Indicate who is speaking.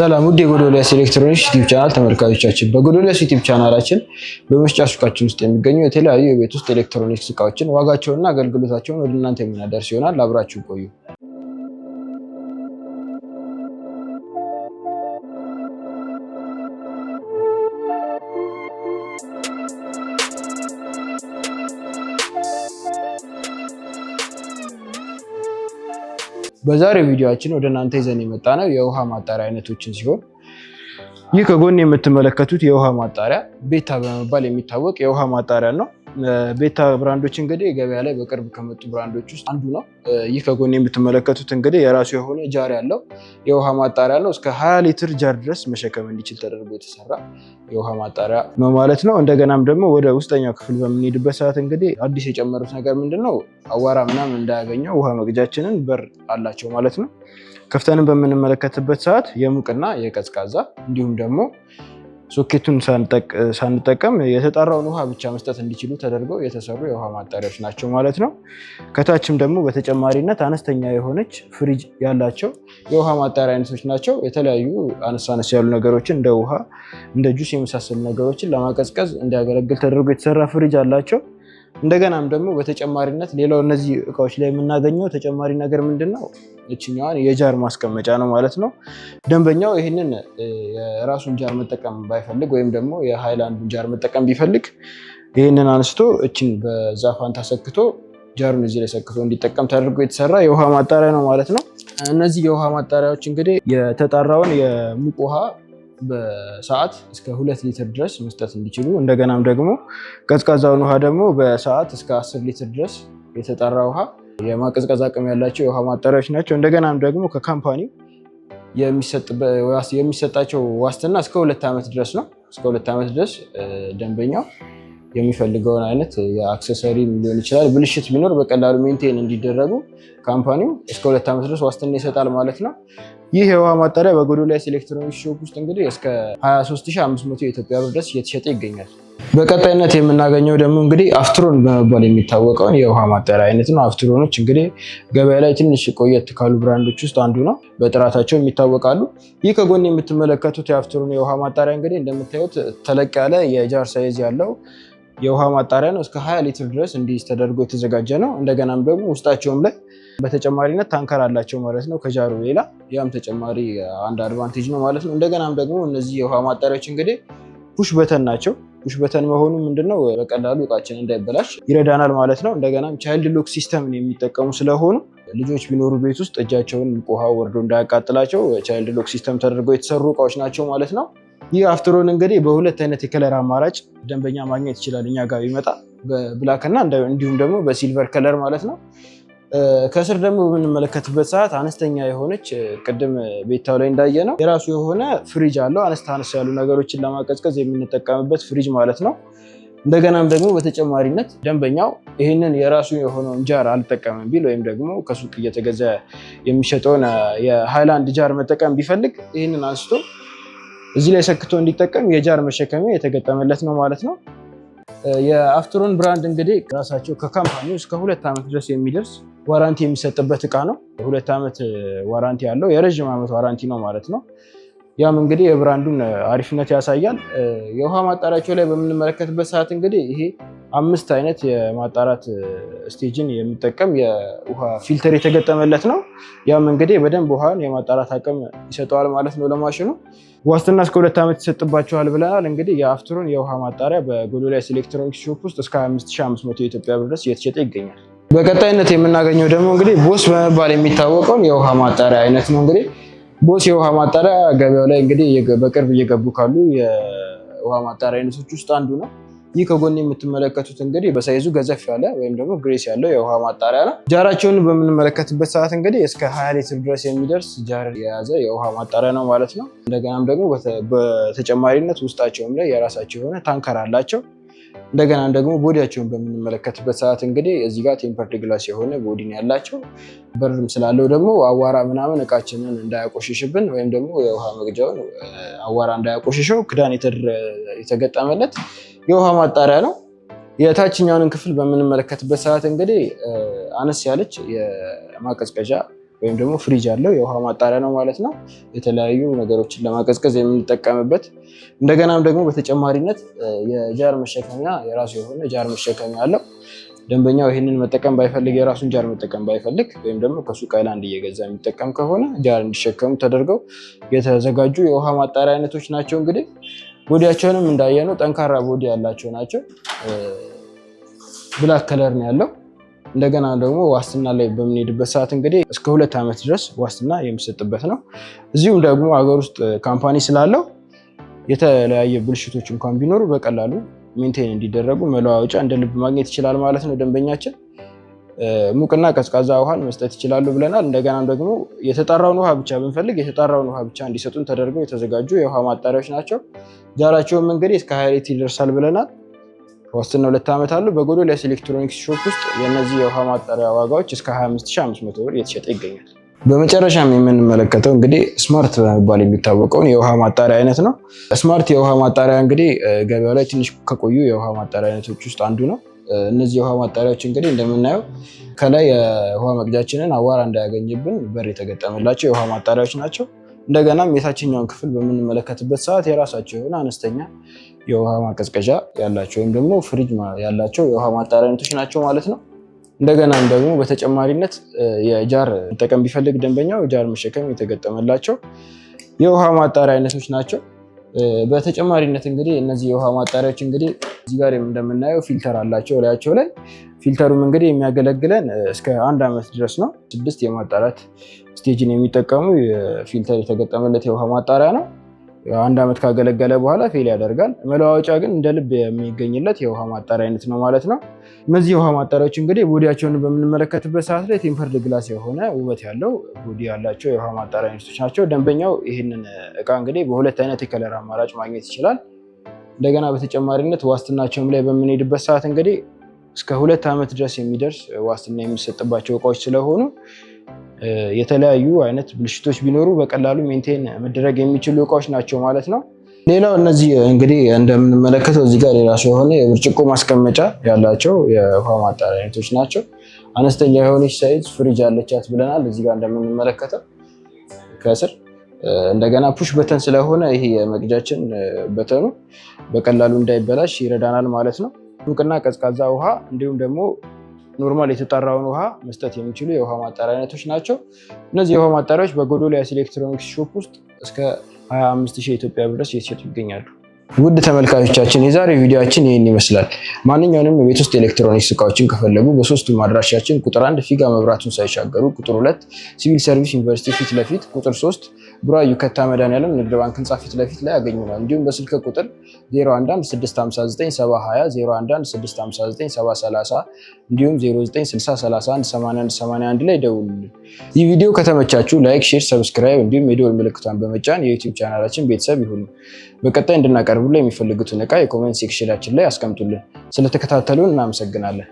Speaker 1: ሰላም ውድ የጎዶልያስ ኤሌክትሮኒክስ ዩቲዩብ ቻናል ተመልካቾቻችን፣ በጎዶልያስ ዩቲዩብ ቻናላችን በመሸጫ ሱቃችን ውስጥ የሚገኙ የተለያዩ የቤት ውስጥ ኤሌክትሮኒክስ እቃዎችን ዋጋቸውንና አገልግሎታቸውን ወደ እናንተ የምናደርስ ይሆናል። አብራችሁ ቆዩ። በዛሬው ቪዲዮችን ወደ እናንተ ይዘን የመጣ ነው የውሃ ማጣሪያ አይነቶችን ሲሆን ይህ ከጎን የምትመለከቱት የውሃ ማጣሪያ ቤታ በመባል የሚታወቅ የውሃ ማጣሪያ ነው። ቤታ ብራንዶች እንግዲህ ገበያ ላይ በቅርብ ከመጡ ብራንዶች ውስጥ አንዱ ነው። ይህ ከጎን የምትመለከቱት እንግዲህ የራሱ የሆነ ጃር ያለው የውሃ ማጣሪያ ነው። እስከ 20 ሊትር ጃር ድረስ መሸከም እንዲችል ተደርጎ የተሰራ የውሃ ማጣሪያ ነው ማለት ነው። እንደገናም ደግሞ ወደ ውስጠኛው ክፍል በምንሄድበት ሰዓት እንግዲህ አዲስ የጨመሩት ነገር ምንድን ነው? አዋራ ምናምን እንዳያገኘው ውሃ መግጃችንን በር አላቸው ማለት ነው። ከፍተንም በምንመለከትበት ሰዓት የሙቅና የቀዝቃዛ እንዲሁም ደግሞ ሶኬቱን ሳንጠቀም የተጣራውን ውሃ ብቻ መስጠት እንዲችሉ ተደርገው የተሰሩ የውሃ ማጣሪያዎች ናቸው ማለት ነው። ከታችም ደግሞ በተጨማሪነት አነስተኛ የሆነች ፍሪጅ ያላቸው የውሃ ማጣሪያ አይነቶች ናቸው። የተለያዩ አነስ አነስ ያሉ ነገሮችን እንደ ውሃ፣ እንደ ጁስ የመሳሰሉ ነገሮችን ለማቀዝቀዝ እንዲያገለግል ተደርጎ የተሰራ ፍሪጅ አላቸው። እንደገናም ደግሞ በተጨማሪነት ሌላው እነዚህ እቃዎች ላይ የምናገኘው ተጨማሪ ነገር ምንድን ነው? እችኛዋን የጃር ማስቀመጫ ነው ማለት ነው። ደንበኛው ይህንን የራሱን ጃር መጠቀም ባይፈልግ ወይም ደግሞ የሃይላንዱን ጃር መጠቀም ቢፈልግ ይህንን አንስቶ እችን በዛፋን ተሰክቶ ጃሩን እዚህ ላይ ሰክቶ እንዲጠቀም ተደርጎ የተሰራ የውሃ ማጣሪያ ነው ማለት ነው። እነዚህ የውሃ ማጣሪያዎች እንግዲህ የተጣራውን የሙቅ ውሃ በሰዓት እስከ ሁለት ሊትር ድረስ መስጠት እንዲችሉ እንደገናም ደግሞ ቀዝቃዛውን ውሃ ደግሞ በሰዓት እስከ አስር ሊትር ድረስ የተጠራ ውሃ የማቀዝቀዝ አቅም ያላቸው የውሃ ማጣሪያዎች ናቸው። እንደገናም ደግሞ ከካምፓኒው የሚሰጣቸው ዋስትና እስከ ሁለት ዓመት ድረስ ነው። እስከ ሁለት ዓመት ድረስ ደንበኛው የሚፈልገውን አይነት የአክሰሰሪ ሊሆን ይችላል ብልሽት ቢኖር በቀላሉ ሜንቴን እንዲደረጉ ካምፓኒው እስከ ሁለት ዓመት ድረስ ዋስትና ይሰጣል ማለት ነው። ይህ የውሃ ማጣሪያ በጎዶልያስ ኤሌክትሮኒክስ ሾፕ ውስጥ እንግዲህ እስከ 23500 የኢትዮጵያ ብር ድረስ እየተሸጠ ይገኛል። በቀጣይነት የምናገኘው ደግሞ እንግዲህ አፍትሮን በመባል የሚታወቀውን የውሃ ማጣሪያ አይነት ነው። አፍትሮኖች እንግዲህ ገበያ ላይ ትንሽ ቆየት ካሉ ብራንዶች ውስጥ አንዱ ነው። በጥራታቸው ይታወቃሉ። ይህ ከጎን የምትመለከቱት የአፍትሮን የውሃ ማጣሪያ እንግዲህ እንደምታዩት ተለቅ ያለ የጃር ሳይዝ ያለው የውሃ ማጣሪያ ነው። እስከ 20 ሊትር ድረስ እንዲይዝ ተደርጎ የተዘጋጀ ነው። እንደገናም ደግሞ ውስጣቸውም ላይ በተጨማሪነት ታንከር አላቸው ማለት ነው ከጃሩ ሌላ። ያም ተጨማሪ አንድ አድቫንቴጅ ነው ማለት ነው። እንደገናም ደግሞ እነዚህ የውሃ ማጣሪያዎች እንግዲህ ፑሽ በተን ናቸው። ፑሽ በተን መሆኑ ምንድነው በቀላሉ እቃችን እንዳይበላሽ ይረዳናል ማለት ነው። እንደገናም ቻይልድ ሎክ ሲስተምን የሚጠቀሙ ስለሆኑ ልጆች ቢኖሩ ቤት ውስጥ እጃቸውን ውሃ ወርዶ እንዳያቃጥላቸው ቻይልድ ሎክ ሲስተም ተደርገው የተሰሩ እቃዎች ናቸው ማለት ነው። ይህ አፍትሮን እንግዲህ በሁለት አይነት የከለር አማራጭ ደንበኛ ማግኘት ይችላል። እኛ ጋር ቢመጣ በብላክ እና እንዲሁም ደግሞ በሲልቨር ከለር ማለት ነው። ከስር ደግሞ በምንመለከትበት ሰዓት አነስተኛ የሆነች ቅድም ቤታው ላይ እንዳየ ነው የራሱ የሆነ ፍሪጅ አለው። አነስተ አነስ ያሉ ነገሮችን ለማቀዝቀዝ የምንጠቀምበት ፍሪጅ ማለት ነው። እንደገናም ደግሞ በተጨማሪነት ደንበኛው ይህንን የራሱ የሆነውን ጃር አልጠቀምም ቢል ወይም ደግሞ ከሱቅ እየተገዛ የሚሸጠውን የሃይላንድ ጃር መጠቀም ቢፈልግ ይህንን አንስቶ እዚህ ላይ ሰክቶ እንዲጠቀም የጃር መሸከሚያ የተገጠመለት ነው ማለት ነው። የአፍትሮን ብራንድ እንግዲህ ራሳቸው ከካምፓኒው እስከ ሁለት ዓመት ድረስ የሚደርስ ዋራንቲ የሚሰጥበት እቃ ነው። ሁለት ዓመት ዋራንቲ ያለው የረዥም ዓመት ዋራንቲ ነው ማለት ነው። ያም እንግዲህ የብራንዱን አሪፍነት ያሳያል። የውሃ ማጣሪያቸው ላይ በምንመለከትበት ሰዓት እንግዲህ ይሄ አምስት አይነት የማጣራት ስቴጅን የሚጠቀም የውሃ ፊልተር የተገጠመለት ነው። ያም እንግዲህ በደንብ ውሃን የማጣራት አቅም ይሰጠዋል ማለት ነው ለማሽኑ። ዋስትና እስከ ሁለት ዓመት ይሰጥባቸዋል ብለናል። እንግዲህ የአፍትሩን የውሃ ማጣሪያ በጎዶልያስ ኤሌክትሮኒክስ ሾፕ ውስጥ እስከ 5500 የኢትዮጵያ ብር ድረስ እየተሸጠ ይገኛል። በቀጣይነት የምናገኘው ደግሞ እንግዲህ ቦስ በመባል የሚታወቀውን የውሃ ማጣሪያ አይነት ነው። እንግዲህ ቦስ የውሃ ማጣሪያ ገበያው ላይ እንግዲህ በቅርብ እየገቡ ካሉ የውሃ ማጣሪያ አይነቶች ውስጥ አንዱ ነው። ይህ ከጎን የምትመለከቱት እንግዲህ በሳይዙ ገዘፍ ያለ ወይም ደግሞ ግሬስ ያለው የውሃ ማጣሪያ ነው። ጃራቸውን በምንመለከትበት ሰዓት እንግዲህ እስከ ሀያ ሊትር ድረስ የሚደርስ ጃር የያዘ የውሃ ማጣሪያ ነው ማለት ነው። እንደገናም ደግሞ በተጨማሪነት ውስጣቸውም ላይ የራሳቸው የሆነ ታንከር አላቸው። እንደገና ደግሞ ቦዲያቸውን በምንመለከትበት ሰዓት እንግዲህ እዚህ ጋር ቴምፐርድ ግላስ የሆነ ቦዲን ያላቸው በርም ስላለው ደግሞ አዋራ ምናምን እቃችንን እንዳያቆሽሽብን ወይም ደግሞ የውሃ መግጃውን አዋራ እንዳያቆሽሸው ክዳን የተገጠመለት የውሃ ማጣሪያ ነው። የታችኛውን ክፍል በምንመለከትበት ሰዓት እንግዲህ አነስ ያለች የማቀዝቀዣ ወይም ደግሞ ፍሪጅ አለው። የውሃ ማጣሪያ ነው ማለት ነው። የተለያዩ ነገሮችን ለማቀዝቀዝ የምንጠቀምበት እንደገናም ደግሞ በተጨማሪነት የጃር መሸከሚያ የራሱ የሆነ ጃር መሸከሚያ አለው። ደንበኛው ይህንን መጠቀም ባይፈልግ የራሱን ጃር መጠቀም ባይፈልግ ወይም ደግሞ ከሱቅ ሃይላንድ እየገዛ የሚጠቀም ከሆነ ጃር እንዲሸከሙ ተደርገው የተዘጋጁ የውሃ ማጣሪያ አይነቶች ናቸው እንግዲህ ቦዲያቸውንም እንዳየነው ጠንካራ ቦዲ ያላቸው ናቸው። ብላክ ከለር ነው ያለው። እንደገና ደግሞ ዋስትና ላይ በምንሄድበት ሰዓት እንግዲህ እስከ ሁለት ዓመት ድረስ ዋስትና የሚሰጥበት ነው። እዚሁም ደግሞ ሀገር ውስጥ ካምፓኒ ስላለው የተለያየ ብልሽቶች እንኳን ቢኖሩ በቀላሉ ሜንቴን እንዲደረጉ መለዋወጫ እንደ ልብ ማግኘት ይችላል ማለት ነው ደንበኛችን። ሙቅና ቀዝቃዛ ውሃን መስጠት ይችላሉ ብለናል። እንደገና ደግሞ የተጣራውን ውሃ ብቻ ብንፈልግ የተጣራውን ውሃ ብቻ እንዲሰጡን ተደርገው የተዘጋጁ የውሃ ማጣሪያዎች ናቸው። ጃራቸውም እንግዲህ እስከ ሀያ ይደርሳል ብለናል። ዋስትና ሁለት ዓመት አሉ። በጎዶልያስ ኤሌክትሮኒክስ ሾፕ ውስጥ የእነዚህ የውሃ ማጣሪያ ዋጋዎች እስከ 25500 ብር እየተሸጠ ይገኛል። በመጨረሻም የምንመለከተው እንግዲህ ስማርት በመባል የሚታወቀውን የውሃ ማጣሪያ አይነት ነው። ስማርት የውሃ ማጣሪያ እንግዲህ ገበያ ላይ ትንሽ ከቆዩ የውሃ ማጣሪያ አይነቶች ውስጥ አንዱ ነው። እነዚህ የውሃ ማጣሪያዎች እንግዲህ እንደምናየው ከላይ የውሃ መቅጃችንን አዋራ እንዳያገኝብን በር የተገጠመላቸው የውሃ ማጣሪያዎች ናቸው። እንደገናም የታችኛውን ክፍል በምንመለከትበት ሰዓት የራሳቸው የሆነ አነስተኛ የውሃ ማቀዝቀዣ ያላቸው ወይም ደግሞ ፍሪጅ ያላቸው የውሃ ማጣሪያ አይነቶች ናቸው ማለት ነው። እንደገናም ደግሞ በተጨማሪነት የጃር መጠቀም ቢፈልግ ደንበኛው ጃር መሸከም የተገጠመላቸው የውሃ ማጣሪያ አይነቶች ናቸው። በተጨማሪነት እንግዲህ እነዚህ የውሃ ማጣሪያዎች እንግዲህ እዚህ ጋር እንደምናየው ፊልተር አላቸው ላያቸው ላይ። ፊልተሩም እንግዲህ የሚያገለግለን እስከ አንድ ዓመት ድረስ ነው። ስድስት የማጣራት ስቴጅን የሚጠቀሙ ፊልተር የተገጠመለት የውሃ ማጣሪያ ነው። አንድ ዓመት ካገለገለ በኋላ ፌል ያደርጋል። መለዋወጫ ግን እንደ ልብ የሚገኝለት የውሃ ማጣሪያ አይነት ነው ማለት ነው። እነዚህ የውሃ ማጣሪያዎች እንግዲህ ቦዲያቸውን በምንመለከትበት ሰዓት ላይ ቴምፐርድ ግላስ የሆነ ውበት ያለው ቦዲ ያላቸው የውሃ ማጣሪያ አይነቶች ናቸው። ደንበኛው ይህንን እቃ እንግዲህ በሁለት አይነት የከለር አማራጭ ማግኘት ይችላል። እንደገና በተጨማሪነት ዋስትናቸውም ላይ በምንሄድበት ሰዓት እንግዲህ እስከ ሁለት ዓመት ድረስ የሚደርስ ዋስትና የሚሰጥባቸው እቃዎች ስለሆኑ የተለያዩ አይነት ብልሽቶች ቢኖሩ በቀላሉ ሜንቴን መደረግ የሚችሉ እቃዎች ናቸው ማለት ነው። ሌላው እነዚህ እንግዲህ እንደምንመለከተው እዚህ ጋር የራሱ የሆነ የብርጭቆ ማስቀመጫ ያላቸው የውሃ ማጣሪያ አይነቶች ናቸው። አነስተኛ የሆነች ሳይዝ ፍሪጅ አለቻት ብለናል። እዚህ ጋር እንደምንመለከተው ከስር እንደገና ፑሽ በተን ስለሆነ ይሄ የመቅጃችን በተኑ በቀላሉ እንዳይበላሽ ይረዳናል ማለት ነው። ሙቅና ቀዝቃዛ ውሃ እንዲሁም ደግሞ ኖርማል የተጠራውን ውሃ መስጠት የሚችሉ የውሃ ማጣሪያ አይነቶች ናቸው። እነዚህ የውሃ ማጣሪያዎች በጎዶልያስ ኤሌክትሮኒክስ ሾፕ ውስጥ እስከ 25000 ኢትዮጵያ ብር ድረስ እየተሸጡ ይገኛሉ። ውድ ተመልካቾቻችን የዛሬ ቪዲዮችን ይህን ይመስላል። ማንኛውንም የቤት ውስጥ ኤሌክትሮኒክስ እቃዎችን ከፈለጉ በሶስቱ ማድራሻችን ቁጥር አንድ ፊጋ መብራቱን ሳይሻገሩ፣ ቁጥር ሁለት ሲቪል ሰርቪስ ዩኒቨርሲቲ ፊት ለፊት፣ ቁጥር ሶስት ቡራዩ ከታ መድኃኒዓለም ንግድ ባንክ ህንፃ ፊት ለፊት ላይ ያገኙናል። እንዲሁም በስልክ ቁጥር 0116597020፣ እንዲሁም 0960318181 ላይ ደውሉልን። ይህ ቪዲዮ ከተመቻችሁ ላይክ፣ ሼር፣ ሰብስክራይብ እንዲሁም የደወል ምልክቷን በመጫን የዩቲዩብ ቻናላችን ቤተሰብ ይሁኑ። በቀጣይ እንድናቀርብለ የሚፈልጉትን እቃ የኮመንት ሴክሽናችን ላይ አስቀምጡልን። ስለተከታተሉን እናመሰግናለን።